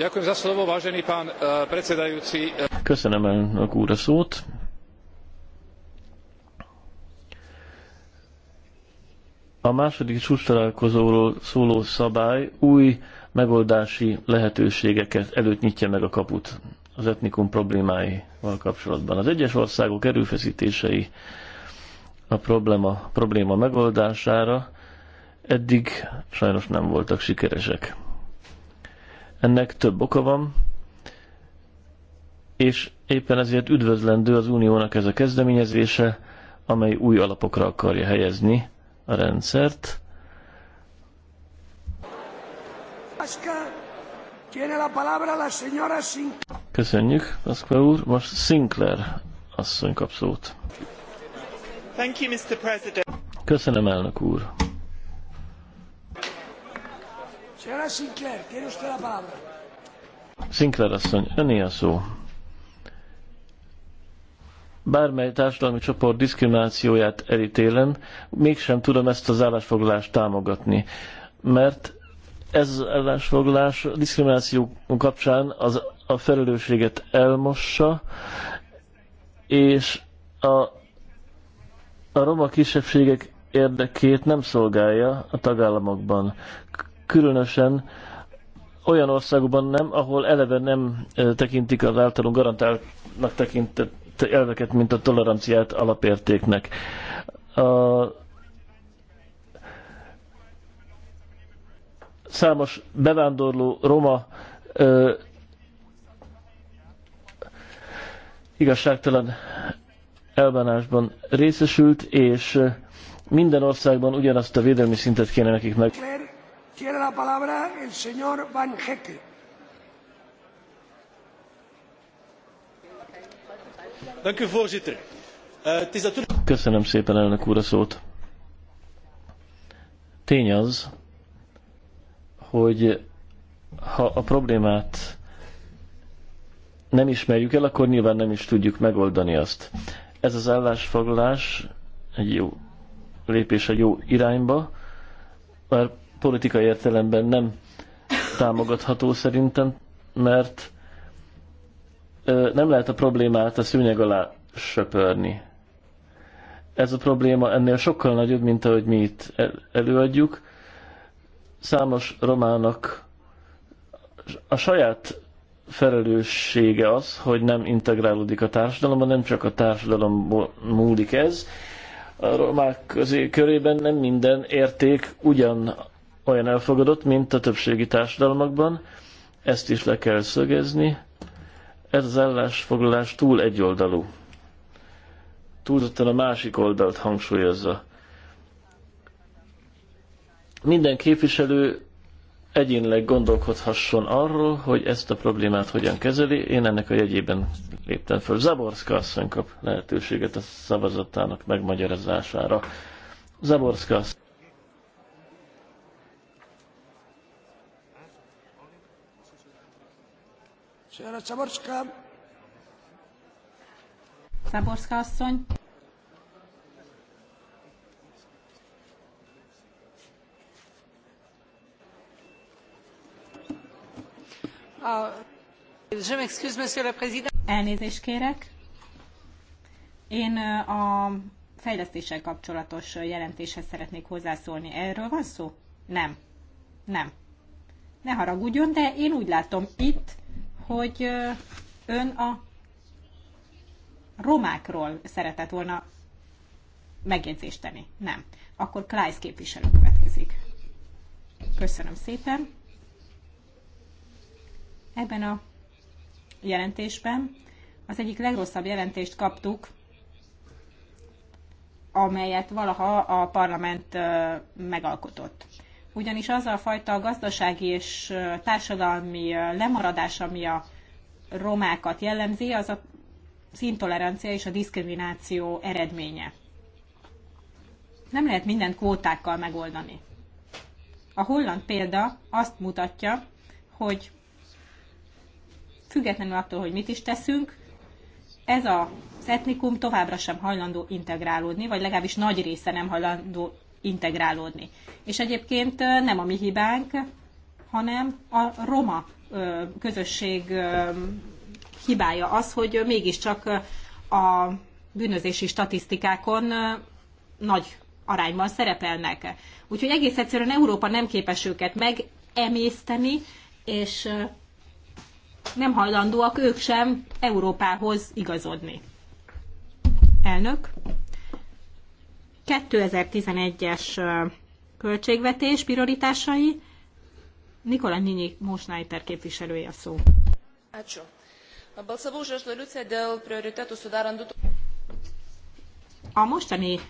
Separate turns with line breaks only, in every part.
Eh,
Köszönöm elnök úr a szót. A második csúcstalálkozóról szóló szabály új megoldási lehetőségeket előtt nyitja meg a kaput az etnikum problémáival kapcsolatban. Az egyes országok erőfeszítései a probléma, probléma megoldására eddig sajnos nem voltak sikeresek. Ennek több oka van, és éppen ezért üdvözlendő az uniónak ez a kezdeményezése, amely új alapokra akarja helyezni a rendszert. Köszönjük, Pasqua úr. Most Sinclair asszony kap szót. Köszönöm, elnök úr.
Señora Sinclair, tiene
usted la palabra. Sinclair asszony, öné a szó. Bármely társadalmi csoport diszkriminációját elítélem, mégsem tudom ezt az állásfoglalást támogatni, mert ez az állásfoglalás a diszkrimináció kapcsán az, a felelősséget elmossa, és a, a roma kisebbségek érdekét nem szolgálja a tagállamokban különösen olyan országokban nem, ahol eleve nem tekintik az általunk garantáltnak tekintett elveket, mint a toleranciát alapértéknek. A számos bevándorló roma ö, igazságtalan elbánásban részesült, és minden országban ugyanazt a védelmi szintet kéne nekik meg.
Tiene la palabra el señor Van Hecke.
Eh, Köszönöm szépen elnök úr a szót. Tény az, hogy ha a problémát nem ismerjük el, akkor nyilván nem is tudjuk megoldani azt. Ez az állásfoglalás egy jó lépés egy jó irányba, mert politikai értelemben nem támogatható szerintem, mert nem lehet a problémát a szűnyeg alá söpörni. Ez a probléma ennél sokkal nagyobb, mint ahogy mi itt előadjuk. Számos romának a saját felelőssége az, hogy nem integrálódik a társadalomban, nem csak a társadalom múlik ez. A romák közé, körében nem minden érték ugyan olyan elfogadott, mint a többségi társadalmakban. Ezt is le kell szögezni. Ez az állásfoglalás túl egyoldalú. Túlzottan a másik oldalt hangsúlyozza. Minden képviselő egyénileg gondolkodhasson arról, hogy ezt a problémát hogyan kezeli. Én ennek a jegyében léptem föl. Zaborszka asszony kap lehetőséget a szavazatának megmagyarázására. Zaborszka asszony. Señora
asszony. Ah, Elnézést kérek. Én a fejlesztéssel kapcsolatos jelentéshez szeretnék hozzászólni. Erről van szó? Nem. Nem. Ne haragudjon, de én úgy látom itt, hogy ön a romákról szeretett volna megjegyzést tenni. Nem. Akkor Klájsz képviselő következik. Köszönöm szépen. Ebben a jelentésben az egyik legrosszabb jelentést kaptuk, amelyet valaha a parlament megalkotott ugyanis az a fajta gazdasági és társadalmi lemaradás, ami a romákat jellemzi, az a szintolerancia és a diszkrimináció eredménye. Nem lehet mindent kvótákkal megoldani. A holland példa azt mutatja, hogy függetlenül attól, hogy mit is teszünk, ez az etnikum továbbra sem hajlandó integrálódni, vagy legalábbis nagy része nem hajlandó integrálódni. És egyébként nem a mi hibánk, hanem a roma közösség hibája az, hogy mégiscsak a bűnözési statisztikákon nagy arányban szerepelnek. Úgyhogy egész egyszerűen Európa nem képes őket megemészteni, és nem hajlandóak ők sem Európához igazodni. Elnök. 2011-es költségvetés prioritásai. Nikola Nini Mósnájter képviselője a szó. A mostani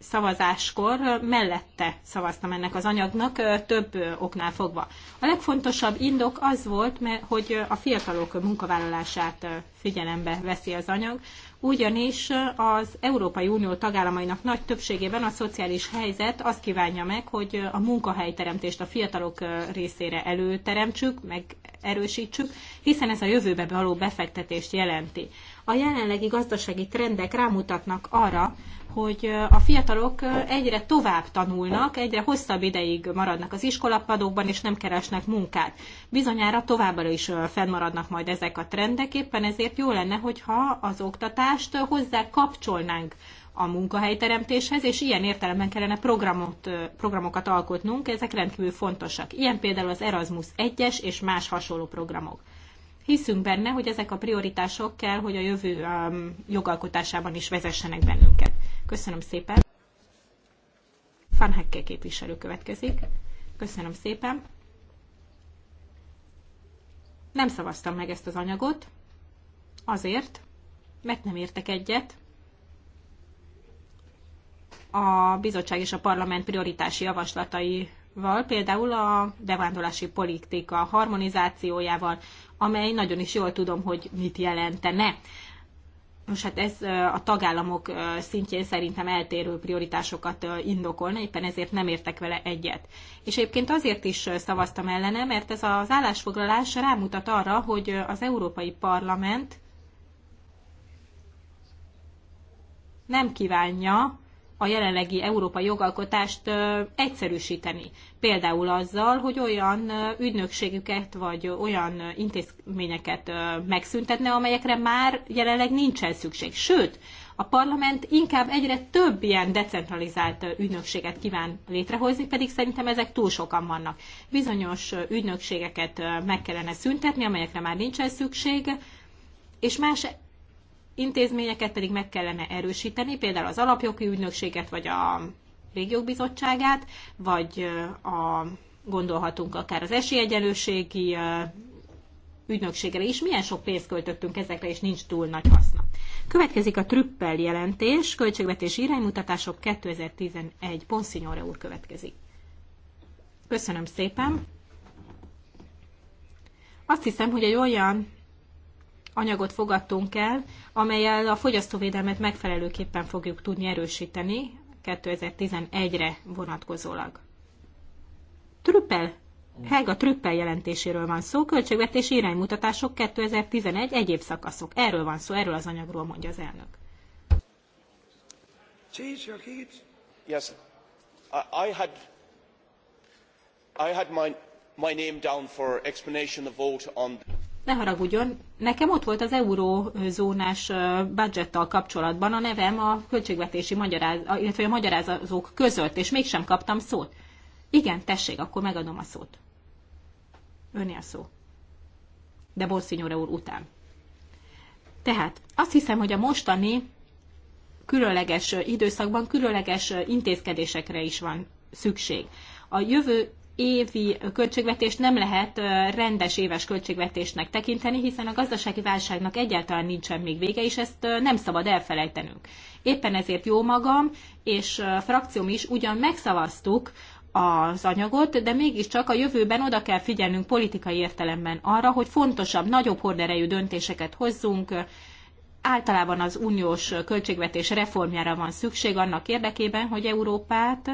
szavazáskor mellette szavaztam ennek az anyagnak több oknál fogva. A legfontosabb indok az volt, hogy a fiatalok munkavállalását figyelembe veszi az anyag, ugyanis az Európai Unió tagállamainak nagy többségében a szociális helyzet azt kívánja meg, hogy a munkahelyteremtést a fiatalok részére előteremtsük, meg erősítsük, hiszen ez a jövőbe való befektetést jelenti. A jelenlegi gazdasági trendek rámutatnak arra, hogy a fiatalok egyre tovább tanulnak, egyre hosszabb ideig maradnak az iskolapadokban, és nem keresnek munkát. Bizonyára továbbra is fennmaradnak majd ezek a trendek, éppen ezért jó lenne, hogyha az oktatást hozzá kapcsolnánk a munkahelyteremtéshez, és ilyen értelemben kellene programot, programokat alkotnunk, ezek rendkívül fontosak. Ilyen például az Erasmus 1-es és más hasonló programok hiszünk benne, hogy ezek a prioritások kell, hogy a jövő um, jogalkotásában is vezessenek bennünket. Köszönöm szépen. Fanhekke képviselő következik. Köszönöm szépen. Nem szavaztam meg ezt az anyagot, azért, mert nem értek egyet a bizottság és a parlament prioritási javaslatai val, például a bevándorlási politika harmonizációjával, amely nagyon is jól tudom, hogy mit jelentene. Most hát ez a tagállamok szintjén szerintem eltérő prioritásokat indokolna, éppen ezért nem értek vele egyet. És egyébként azért is szavaztam ellene, mert ez az állásfoglalás rámutat arra, hogy az Európai Parlament nem kívánja a jelenlegi európai jogalkotást egyszerűsíteni. Például azzal, hogy olyan ügynökségüket vagy olyan intézményeket megszüntetne, amelyekre már jelenleg nincsen szükség. Sőt, a parlament inkább egyre több ilyen decentralizált ügynökséget kíván létrehozni, pedig szerintem ezek túl sokan vannak. Bizonyos ügynökségeket meg kellene szüntetni, amelyekre már nincsen szükség, és más intézményeket pedig meg kellene erősíteni, például az alapjogi ügynökséget, vagy a régiók bizottságát, vagy a, gondolhatunk akár az esélyegyenlőségi ügynökségre is. Milyen sok pénzt költöttünk ezekre, és nincs túl nagy haszna. Következik a trüppel jelentés, költségvetési iránymutatások 2011. Ponszinyóra úr következik. Köszönöm szépen. Azt hiszem, hogy egy olyan anyagot fogadtunk el, amelyel a fogyasztóvédelmet megfelelőképpen fogjuk tudni erősíteni 2011-re vonatkozólag. Trüppel, Helga Trüppel jelentéséről van szó, költségvetési iránymutatások 2011 egyéb szakaszok. Erről van szó, erről az anyagról mondja az elnök.
Yes,
I had, I had my, my name down for explanation of vote on
ne haragudjon, nekem ott volt az eurózónás budgettal kapcsolatban a nevem a költségvetési magyaráz, illetve a magyarázók között, és mégsem kaptam szót. Igen, tessék, akkor megadom a szót. Önél szó. De Borszinyóra úr után. Tehát azt hiszem, hogy a mostani különleges időszakban különleges intézkedésekre is van szükség. A jövő évi költségvetést nem lehet rendes éves költségvetésnek tekinteni, hiszen a gazdasági válságnak egyáltalán nincsen még vége, és ezt nem szabad elfelejtenünk. Éppen ezért jó magam és frakcióm is ugyan megszavaztuk az anyagot, de mégiscsak a jövőben oda kell figyelnünk politikai értelemben arra, hogy fontosabb, nagyobb horderejű döntéseket hozzunk, általában az uniós költségvetés reformjára van szükség annak érdekében, hogy Európát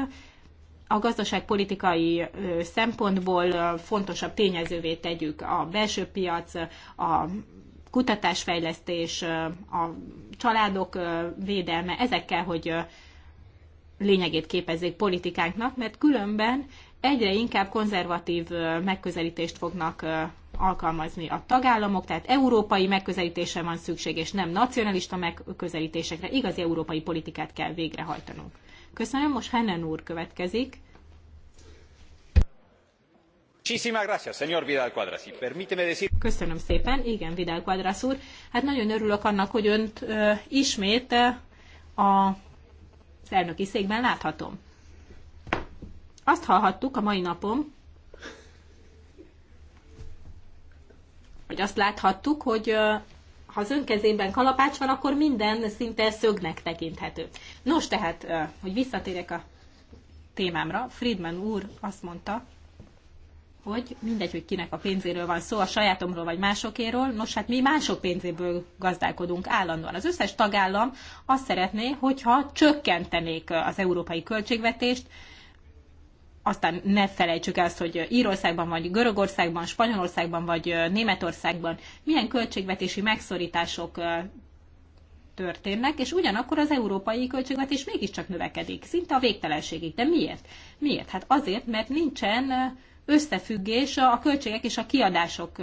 a gazdaságpolitikai szempontból fontosabb tényezővé tegyük a belső piac, a kutatásfejlesztés, a családok védelme, ezekkel, hogy lényegét képezzék politikánknak, mert különben egyre inkább konzervatív megközelítést fognak alkalmazni a tagállamok, tehát európai megközelítésre van szükség, és nem nacionalista megközelítésekre, igazi európai politikát kell végrehajtanunk. Köszönöm, most Hennen úr következik. Köszönöm szépen, igen, Vidal Quadras úr. Hát nagyon örülök annak, hogy önt ö, ismét ö, a elnöki székben láthatom. Azt hallhattuk a mai napom, hogy azt láthattuk, hogy ha az ön kezében kalapács van, akkor minden szinte szögnek tekinthető. Nos, tehát, hogy visszatérek a témámra, Friedman úr azt mondta, hogy mindegy, hogy kinek a pénzéről van szó, a sajátomról vagy másokéről. nos hát mi mások pénzéből gazdálkodunk állandóan. Az összes tagállam azt szeretné, hogyha csökkentenék az európai költségvetést, aztán ne felejtsük azt, hogy Írországban, vagy Görögországban, Spanyolországban, vagy Németországban milyen költségvetési megszorítások történnek, és ugyanakkor az európai költségvetés mégiscsak növekedik, szinte a végtelenségig. De miért? Miért? Hát azért, mert nincsen összefüggés a költségek és a kiadások,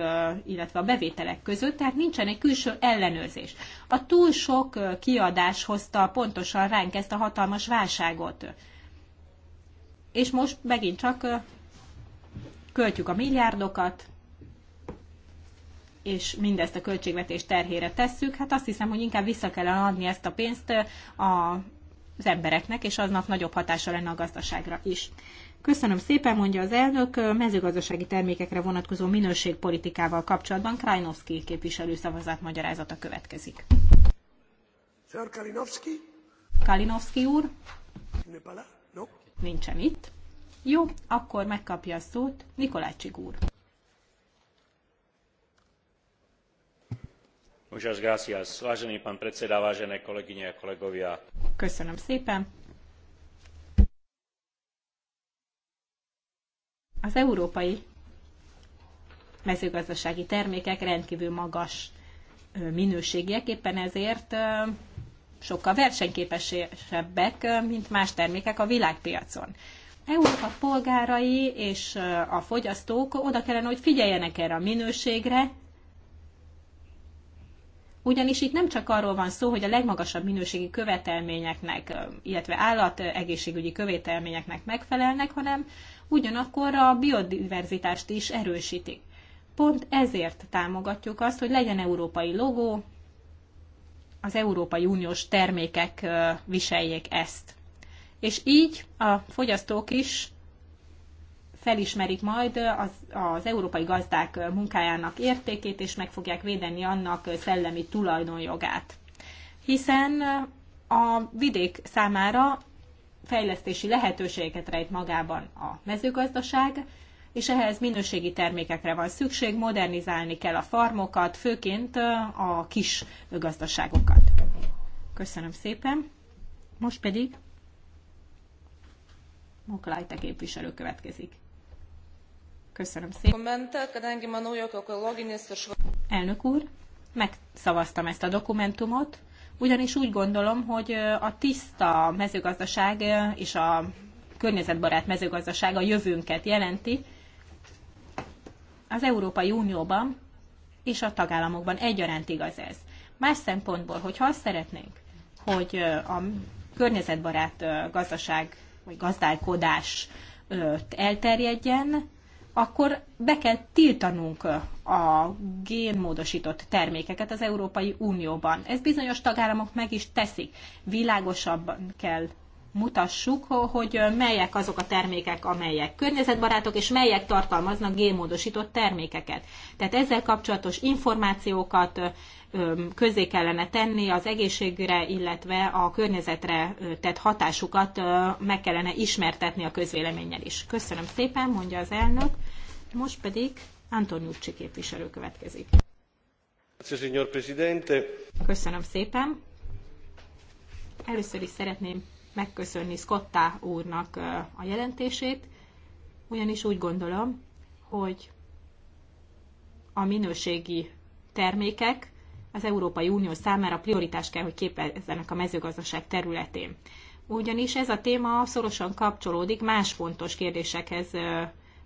illetve a bevételek között, tehát nincsen egy külső ellenőrzés. A túl sok kiadás hozta pontosan ránk ezt a hatalmas válságot és most megint csak költjük a milliárdokat, és mindezt a költségvetés terhére tesszük, hát azt hiszem, hogy inkább vissza kellene adni ezt a pénzt a az embereknek, és aznak nagyobb hatása lenne a gazdaságra is. Köszönöm szépen, mondja az elnök, mezőgazdasági termékekre vonatkozó minőségpolitikával kapcsolatban Krajnovszki képviselő szavazat magyarázata következik. Sir Kalinowski? úr? nincsen itt. Jó, akkor megkapja a szót Nikolácsik úr.
Muchas gracias. Vážený pán predseda, vážené kolegyne a kolegovia.
Köszönöm szépen. Az európai mezőgazdasági termékek rendkívül magas minőségiek, éppen ezért sokkal versenyképesebbek, mint más termékek a világpiacon. Európa polgárai és a fogyasztók oda kellene, hogy figyeljenek erre a minőségre, ugyanis itt nem csak arról van szó, hogy a legmagasabb minőségi követelményeknek, illetve állategészségügyi követelményeknek megfelelnek, hanem ugyanakkor a biodiverzitást is erősítik. Pont ezért támogatjuk azt, hogy legyen európai logó, az Európai Uniós termékek viseljék ezt. És így a fogyasztók is felismerik majd az, az európai gazdák munkájának értékét, és meg fogják védeni annak szellemi tulajdonjogát. Hiszen a vidék számára fejlesztési lehetőségeket rejt magában a mezőgazdaság, és ehhez minőségi termékekre van szükség, modernizálni kell a farmokat, főként a kis gazdaságokat. Köszönöm szépen. Most pedig Moklajte képviselő következik. Köszönöm szépen. Elnök úr, megszavaztam ezt a dokumentumot, ugyanis úgy gondolom, hogy a tiszta mezőgazdaság és a környezetbarát mezőgazdaság a jövőnket jelenti, az Európai Unióban és a tagállamokban egyaránt igaz ez. Más szempontból, hogyha azt szeretnénk, hogy a környezetbarát gazdaság vagy gazdálkodás elterjedjen, akkor be kell tiltanunk a génmódosított termékeket az Európai Unióban. Ez bizonyos tagállamok meg is teszik. Világosabban kell mutassuk, hogy melyek azok a termékek, amelyek környezetbarátok, és melyek tartalmaznak gémódosított termékeket. Tehát ezzel kapcsolatos információkat közé kellene tenni az egészségre, illetve a környezetre tett hatásukat meg kellene ismertetni a közvéleménnyel is. Köszönöm szépen, mondja az elnök. Most pedig Antoniucci képviselő következik. Köszönöm szépen. Először is szeretném megköszönni Scottá úrnak a jelentését, ugyanis úgy gondolom, hogy a minőségi termékek az Európai Unió számára prioritás kell, hogy képezzenek a mezőgazdaság területén. Ugyanis ez a téma szorosan kapcsolódik más fontos kérdésekhez,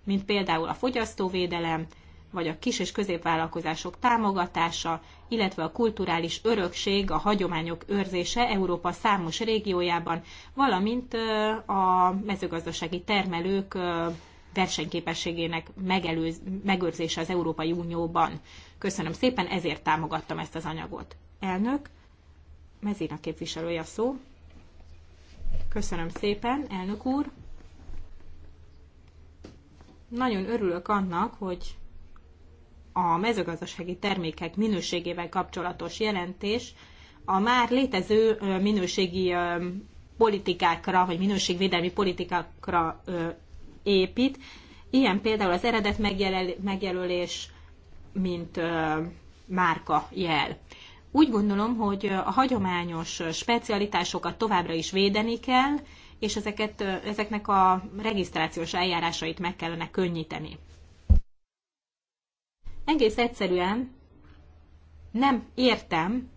mint például a fogyasztóvédelem, vagy a kis- és középvállalkozások támogatása, illetve a kulturális örökség, a hagyományok őrzése Európa számos régiójában, valamint a mezőgazdasági termelők versenyképességének megelőz, megőrzése az Európai Unióban. Köszönöm szépen, ezért támogattam ezt az anyagot. Elnök, Mezina képviselője a szó. Köszönöm szépen, elnök úr. Nagyon örülök annak, hogy a mezőgazdasági termékek minőségével kapcsolatos jelentés a már létező minőségi politikákra, vagy minőségvédelmi politikákra épít. Ilyen például az eredet megjelölés, mint márka jel. Úgy gondolom, hogy a hagyományos specialitásokat továbbra is védeni kell, és ezeket, ezeknek a regisztrációs eljárásait meg kellene könnyíteni. Egész egyszerűen nem értem,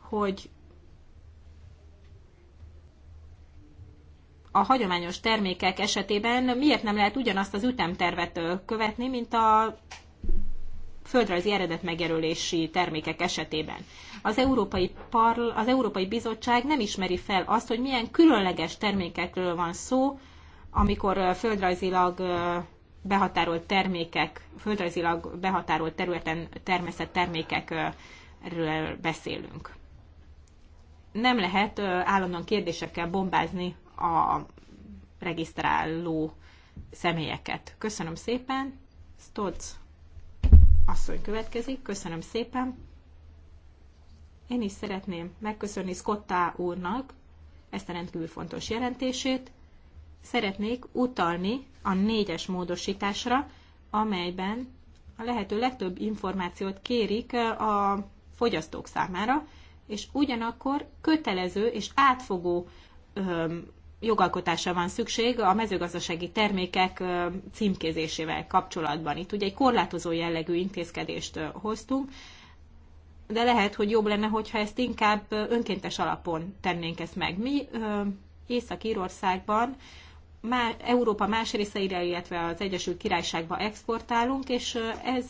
hogy a hagyományos termékek esetében miért nem lehet ugyanazt az ütemtervet követni, mint a földrajzi eredet termékek esetében. Az Európai, Parl- az Európai Bizottság nem ismeri fel azt, hogy milyen különleges termékekről van szó, amikor földrajzilag behatárolt termékek, földrajzilag behatárolt területen termesztett termékekről beszélünk. Nem lehet állandóan kérdésekkel bombázni a regisztráló személyeket. Köszönöm szépen. Stolz asszony következik. Köszönöm szépen. Én is szeretném megköszönni Scottá úrnak ezt a rendkívül fontos jelentését. Szeretnék utalni a négyes módosításra, amelyben a lehető legtöbb információt kérik a fogyasztók számára, és ugyanakkor kötelező és átfogó jogalkotásra van szükség a mezőgazdasági termékek címkézésével kapcsolatban. Itt ugye egy korlátozó jellegű intézkedést hoztunk, de lehet, hogy jobb lenne, hogyha ezt inkább önkéntes alapon tennénk ezt meg. Mi Észak-Írországban Európa más részeire, illetve az Egyesült Királyságba exportálunk, és ez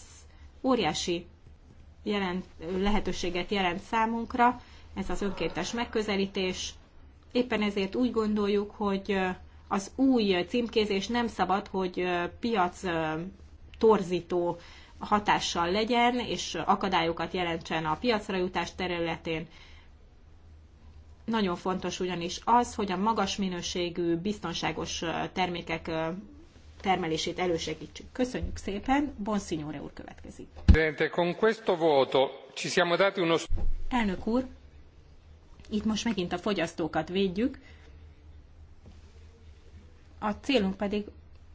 óriási jelent, lehetőséget jelent számunkra, ez az önkéntes megközelítés. Éppen ezért úgy gondoljuk, hogy az új címkézés nem szabad, hogy piac torzító hatással legyen, és akadályokat jelentsen a piacra jutás területén. Nagyon fontos ugyanis az, hogy a magas minőségű, biztonságos termékek termelését elősegítsük. Köszönjük szépen, Bonsignore úr következik. Elnök úr, itt most megint a fogyasztókat védjük, a célunk pedig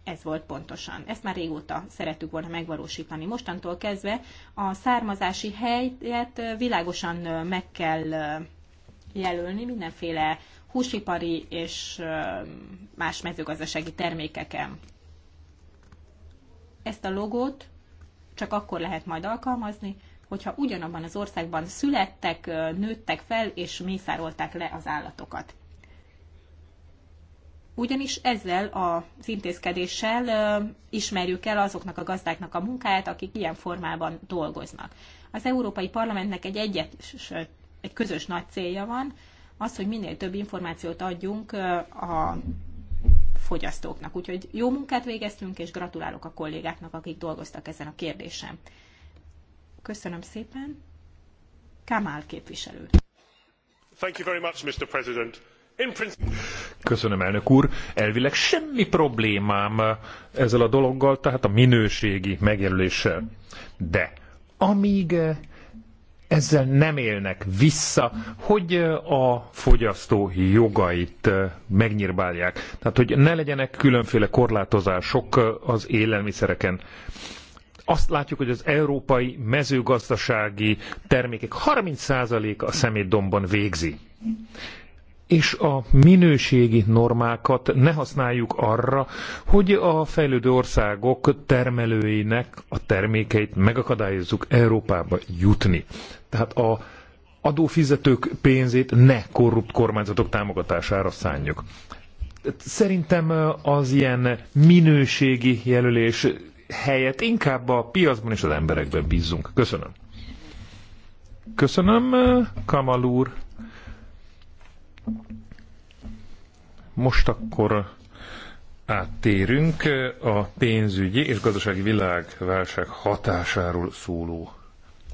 ez volt pontosan. Ezt már régóta szerettük volna megvalósítani. Mostantól kezdve a származási helyet világosan meg kell jelölni mindenféle húsipari és más mezőgazdasági termékeken. Ezt a logót csak akkor lehet majd alkalmazni, hogyha ugyanabban az országban születtek, nőttek fel és mészárolták le az állatokat. Ugyanis ezzel az intézkedéssel ismerjük el azoknak a gazdáknak a munkáját, akik ilyen formában dolgoznak. Az Európai Parlamentnek egy egyes egy közös nagy célja van, az, hogy minél több információt adjunk a fogyasztóknak. Úgyhogy jó munkát végeztünk, és gratulálok a kollégáknak, akik dolgoztak ezen a kérdésen. Köszönöm szépen. Kamál képviselő.
Thank you very much, Mr. President. Köszönöm, elnök úr. Elvileg semmi problémám ezzel a dologgal, tehát a minőségi megjelöléssel. De amíg ezzel nem élnek vissza, hogy a fogyasztó jogait megnyírbálják. Tehát, hogy ne legyenek különféle korlátozások az élelmiszereken. Azt látjuk, hogy az európai mezőgazdasági termékek 30%-a a szemétdomban végzi. És a minőségi normákat ne használjuk arra, hogy a fejlődő országok termelőinek a termékeit megakadályozzuk Európába jutni. Tehát a adófizetők pénzét ne korrupt kormányzatok támogatására szánjuk. Szerintem az ilyen minőségi jelölés helyett inkább a piacban és az emberekben bízzunk. Köszönöm. Köszönöm, Kamal úr. Most akkor áttérünk a pénzügyi és gazdasági világválság hatásáról szóló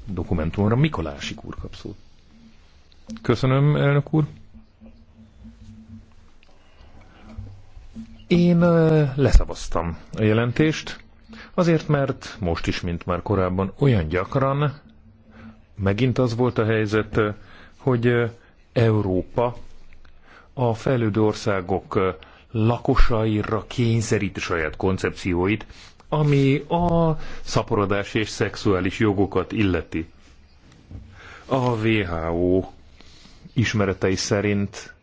dokumentumra. Mikolásik úr kap szót. Köszönöm, elnök úr. Én leszavaztam a jelentést, azért mert most is, mint már korábban, olyan gyakran megint az volt a helyzet, hogy Európa a fejlődő országok lakosaira kényszeríti saját koncepcióit, ami a szaporodás és szexuális jogokat illeti. A WHO ismeretei szerint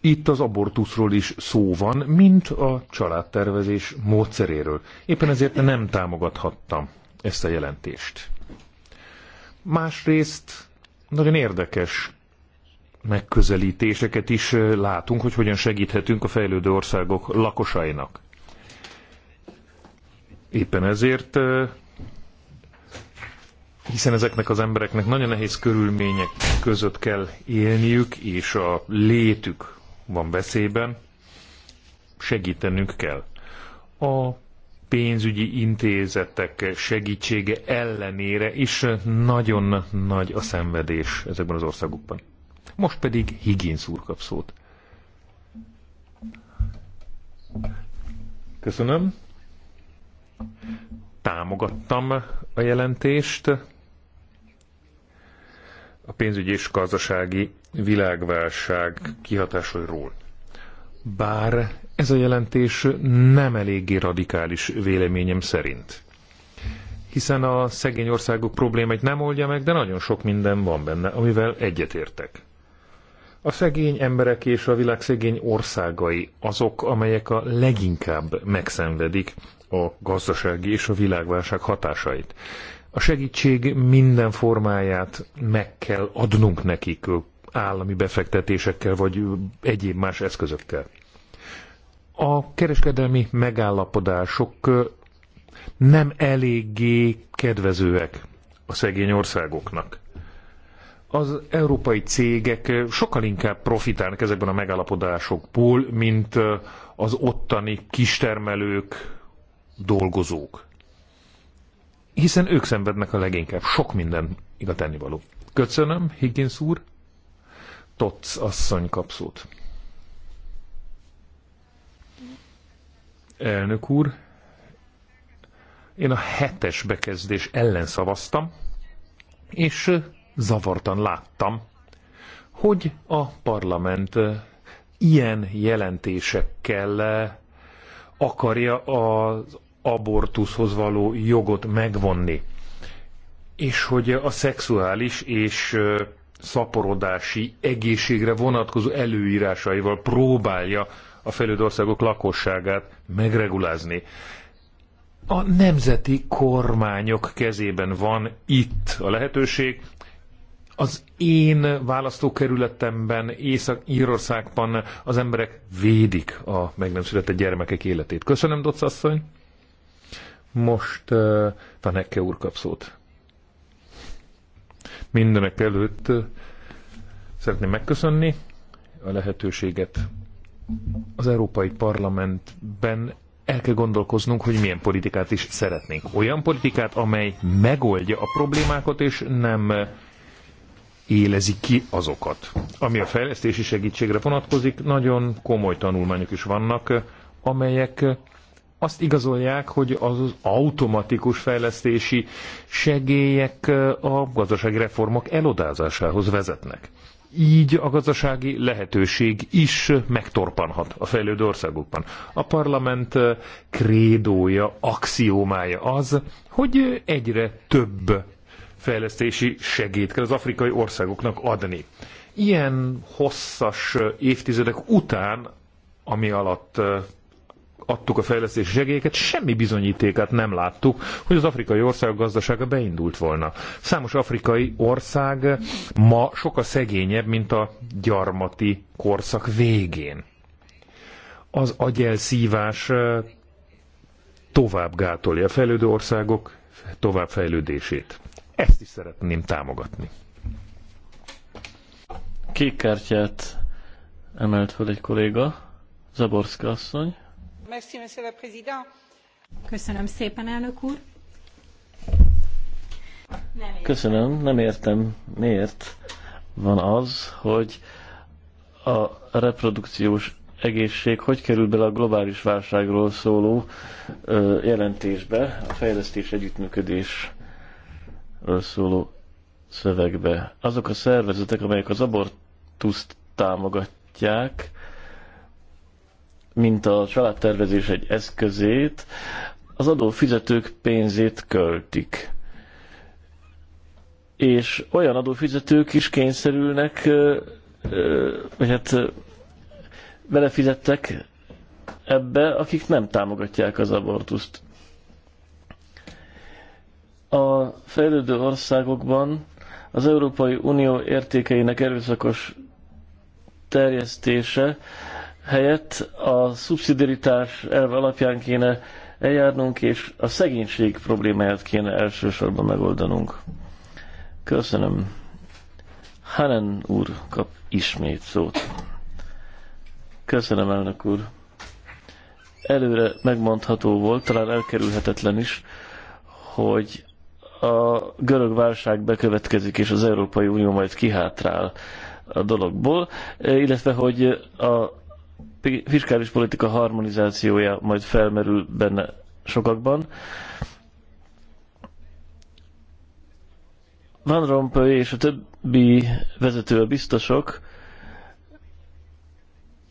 itt az abortuszról is szó van, mint a családtervezés módszeréről. Éppen ezért nem támogathattam ezt a jelentést. Másrészt nagyon érdekes megközelítéseket is látunk, hogy hogyan segíthetünk a fejlődő országok lakosainak. Éppen ezért, hiszen ezeknek az embereknek nagyon nehéz körülmények között kell élniük, és a létük van veszélyben, segítenünk kell. A pénzügyi intézetek segítsége ellenére is nagyon nagy a szenvedés ezekben az országokban. Most pedig Higgins úr kap szót. Köszönöm támogattam a jelentést. A pénzügyi és gazdasági világválság kihatásairól. Bár ez a jelentés nem eléggé radikális véleményem szerint. Hiszen a szegény országok problémáit nem oldja meg, de nagyon sok minden van benne, amivel egyetértek. A szegény emberek és a világ szegény országai azok, amelyek a leginkább megszenvedik a gazdasági és a világválság hatásait. A segítség minden formáját meg kell adnunk nekik állami befektetésekkel vagy egyéb más eszközökkel. A kereskedelmi megállapodások nem eléggé kedvezőek a szegény országoknak az európai cégek sokkal inkább profitálnak ezekben a megállapodásokból, mint az ottani kistermelők, dolgozók. Hiszen ők szenvednek a leginkább. Sok minden a tennivaló. Köszönöm, Higgins úr. Totz asszony kapszót. Elnök úr, én a hetes bekezdés ellen szavaztam, és zavartan láttam, hogy a parlament ilyen jelentésekkel akarja az abortuszhoz való jogot megvonni, és hogy a szexuális és szaporodási egészségre vonatkozó előírásaival próbálja a fejlődő országok lakosságát megregulázni. A nemzeti kormányok kezében van itt a lehetőség, az én választókerületemben, Észak-Írországban az emberek védik a meg nem született gyermekek életét. Köszönöm, Docs asszony. Most uh, Tanekke úr kap szót. Mindenek előtt uh, szeretném megköszönni a lehetőséget. Az Európai Parlamentben el kell gondolkoznunk, hogy milyen politikát is szeretnénk. Olyan politikát, amely megoldja a problémákat, és nem uh, élezi ki azokat. Ami a fejlesztési segítségre vonatkozik, nagyon komoly tanulmányok is vannak, amelyek azt igazolják, hogy az automatikus fejlesztési segélyek a gazdasági reformok elodázásához vezetnek. Így a gazdasági lehetőség is megtorpanhat a fejlődő országokban. A parlament krédója, axiómája az, hogy egyre több fejlesztési segélyt kell az afrikai országoknak adni. Ilyen hosszas évtizedek után, ami alatt adtuk a fejlesztési segélyeket, semmi bizonyítékát nem láttuk, hogy az afrikai ország gazdasága beindult volna. Számos afrikai ország ma sokkal szegényebb, mint a gyarmati korszak végén. Az agyelszívás tovább gátolja a fejlődő országok továbbfejlődését. Ezt is szeretném támogatni.
Kék kártyát emelt fel egy kolléga, Zaborszka asszony.
Köszönöm szépen, elnök úr.
Köszönöm, nem értem, miért van az, hogy a reprodukciós egészség hogy kerül bele a globális válságról szóló jelentésbe, a fejlesztés együttműködés szóló szövegbe. Azok a szervezetek, amelyek az abortuszt támogatják, mint a családtervezés egy eszközét, az adófizetők pénzét költik. És olyan adófizetők is kényszerülnek, vagy hát belefizettek ebbe, akik nem támogatják az abortuszt. A fejlődő országokban az Európai Unió értékeinek erőszakos terjesztése helyett a szubszidiaritás elve alapján kéne eljárnunk, és a szegénység problémáját kéne elsősorban megoldanunk. Köszönöm. Hanen úr kap ismét szót. Köszönöm, elnök úr. Előre megmondható volt, talán elkerülhetetlen is, hogy a görög válság bekövetkezik, és az Európai Unió majd kihátrál a dologból, e, illetve hogy a fiskális politika harmonizációja majd felmerül benne sokakban. Van Rompuy és a többi vezető a biztosok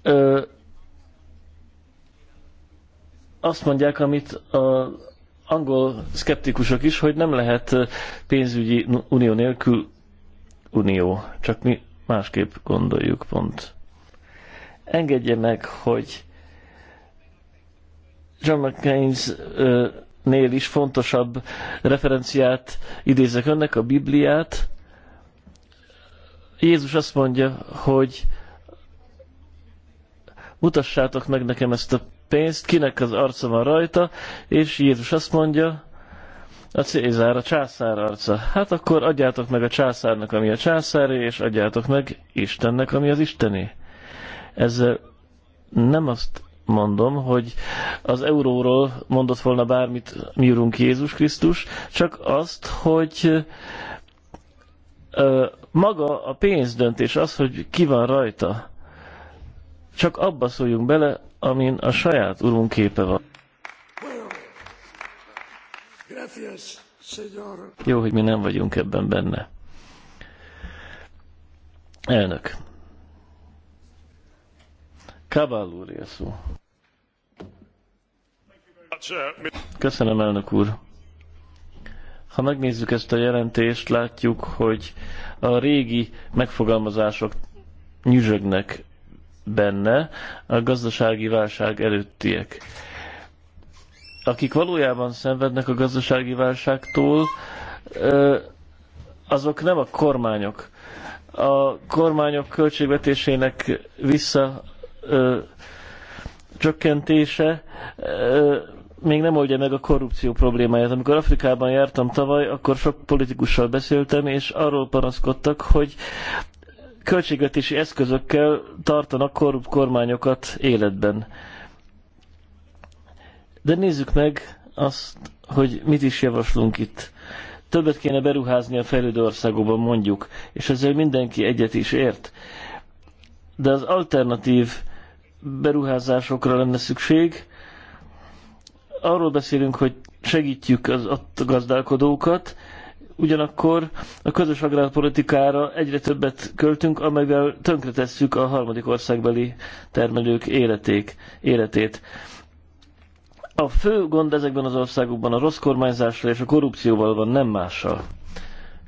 ö, azt mondják, amit a angol szkeptikusok is, hogy nem lehet pénzügyi unió nélkül unió. Csak mi másképp gondoljuk pont. Engedje meg, hogy John McCain's nél is fontosabb referenciát idézek önnek, a Bibliát. Jézus azt mondja, hogy mutassátok meg nekem ezt a pénzt, kinek az arca van rajta, és Jézus azt mondja, a Cézár a császár arca. Hát akkor adjátok meg a császárnak, ami a császári, és adjátok meg Istennek, ami az isteni. Ezzel nem azt mondom, hogy az euróról mondott volna bármit mi urunk Jézus Krisztus, csak azt, hogy ö, maga a pénzdöntés az, hogy ki van rajta. Csak abba szóljunk bele, amin a saját urunk képe van. Jó, hogy mi nem vagyunk ebben benne. Elnök. Kabál úr szó. Köszönöm, elnök úr. Ha megnézzük ezt a jelentést, látjuk, hogy a régi megfogalmazások nyüzsögnek benne a gazdasági válság előttiek. Akik valójában szenvednek a gazdasági válságtól, azok nem a kormányok. A kormányok költségvetésének vissza csökkentése még nem oldja meg a korrupció problémáját. Amikor Afrikában jártam tavaly, akkor sok politikussal beszéltem, és arról panaszkodtak, hogy költségvetési eszközökkel tartanak korrupt kormányokat életben. De nézzük meg azt, hogy mit is javaslunk itt. Többet kéne beruházni a fejlődő országokban, mondjuk, és ezzel mindenki egyet is ért. De az alternatív beruházásokra lenne szükség. Arról beszélünk, hogy segítjük az ott gazdálkodókat, ugyanakkor a közös agrárpolitikára egyre többet költünk, amellyel tönkretesszük a harmadik országbeli termelők életék, életét. A fő gond ezekben az országokban a rossz kormányzással és a korrupcióval van, nem mással.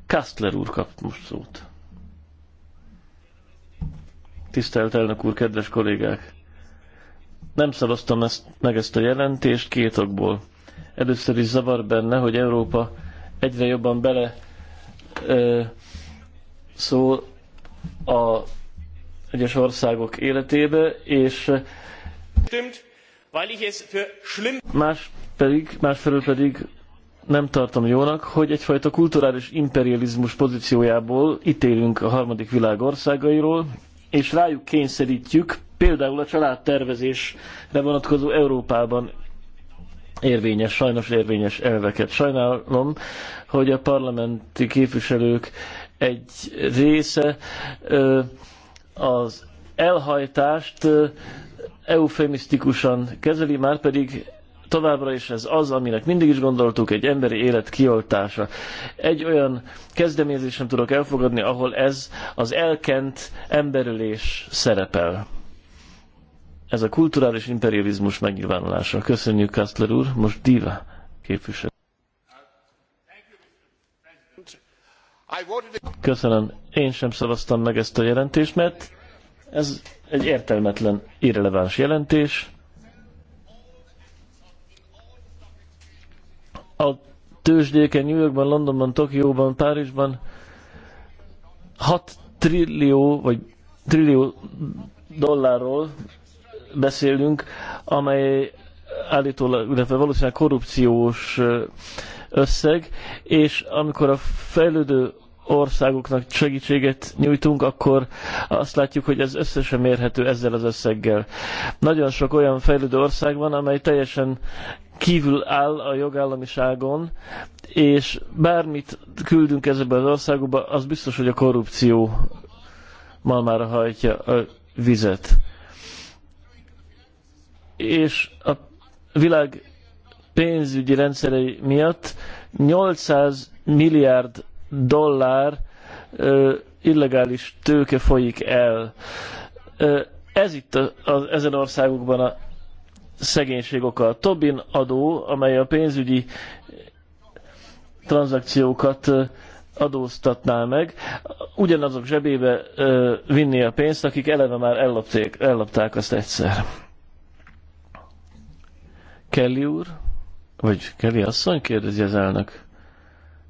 Kastler úr kap most szót. Tisztelt elnök úr, kedves kollégák! Nem szavaztam ezt, meg ezt a jelentést két okból. Először is zavar benne, hogy Európa egyre jobban bele ö, szól a egyes országok életébe, és más pedig, másfelől pedig nem tartom jónak, hogy egyfajta kulturális imperializmus pozíciójából ítélünk a harmadik világ országairól, és rájuk kényszerítjük például a családtervezésre vonatkozó Európában érvényes, sajnos érvényes elveket. Sajnálom, hogy a parlamenti képviselők egy része az elhajtást eufemisztikusan kezeli, már pedig továbbra is ez az, aminek mindig is gondoltuk, egy emberi élet kioltása. Egy olyan kezdeményezést sem tudok elfogadni, ahol ez az elkent emberülés szerepel ez a kulturális imperializmus megnyilvánulása. Köszönjük, Kastler úr. Most Diva képviselő. Köszönöm. Én sem szavaztam meg ezt a jelentést, mert ez egy értelmetlen, irreleváns jelentés. A tőzsdéken New Yorkban, Londonban, Tokióban, Párizsban 6 trillió vagy trillió dollárról beszélünk, amely állítólag, illetve valószínűleg korrupciós összeg, és amikor a fejlődő országoknak segítséget nyújtunk, akkor azt látjuk, hogy ez összesen mérhető ezzel az összeggel. Nagyon sok olyan fejlődő ország van, amely teljesen kívül áll a jogállamiságon, és bármit küldünk ezekbe az országokba, az biztos, hogy a korrupció malmára hajtja a vizet és a világ pénzügyi rendszerei miatt 800 milliárd dollár ö, illegális tőke folyik el. Ö, ez itt a, a, ezen országokban a szegénység oka. A Tobin adó, amely a pénzügyi tranzakciókat adóztatná meg, ugyanazok zsebébe ö, vinni a pénzt, akik eleve már ellopték, ellopták azt egyszer. Kelly úr, vagy Kelly asszony, kérdezi az elnök.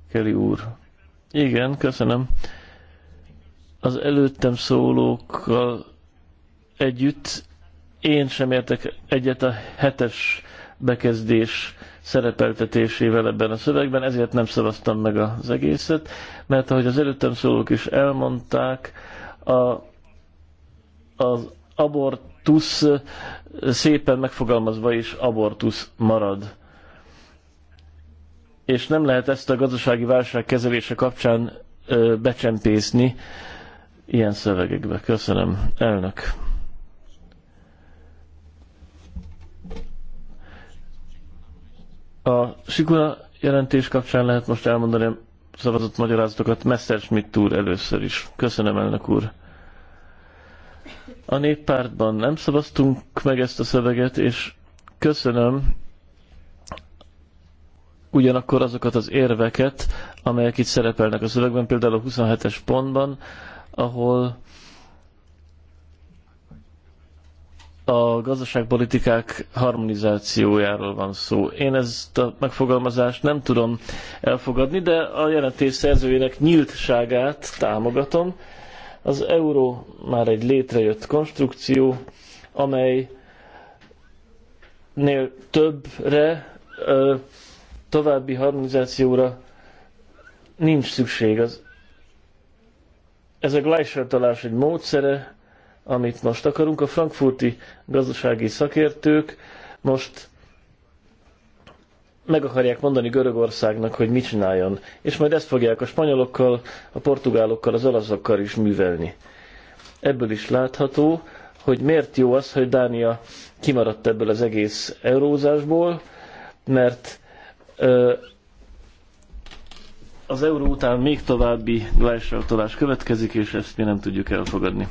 Kelly úr. Igen, köszönöm. Az előttem szólókkal együtt én sem értek egyet a hetes bekezdés szerepeltetésével ebben a szövegben, ezért nem szavaztam meg az egészet, mert ahogy az előttem szólók is elmondták, a, az abortusz szépen megfogalmazva is abortusz marad. És nem lehet ezt a gazdasági válság kezelése kapcsán becsempészni ilyen szövegekbe. Köszönöm, elnök. A Sikuna jelentés kapcsán lehet most elmondani szavazott magyarázatokat Messerschmitt úr először is. Köszönöm, elnök úr. A néppártban nem szavaztunk meg ezt a szöveget, és köszönöm ugyanakkor azokat az érveket, amelyek itt szerepelnek a szövegben, például a 27-es pontban, ahol a gazdaságpolitikák harmonizációjáról van szó. Én ezt a megfogalmazást nem tudom elfogadni, de a jelentés szerzőjének nyíltságát támogatom, az euró már egy létrejött konstrukció, amelynél többre, további harmonizációra nincs szükség. Az, ez a gleisertalás egy módszere, amit most akarunk. A frankfurti gazdasági szakértők most meg akarják mondani Görögországnak, hogy mit csináljon, és majd ezt fogják a spanyolokkal, a portugálokkal, az olaszokkal is művelni. Ebből is látható, hogy miért jó az, hogy Dánia kimaradt ebből az egész eurózásból, mert ö, az euró után még további válságtolás következik, és ezt mi nem tudjuk elfogadni.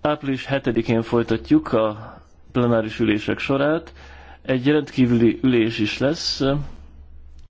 Április 7-én folytatjuk a plenáris ülések sorát. Egy rendkívüli ülés is lesz,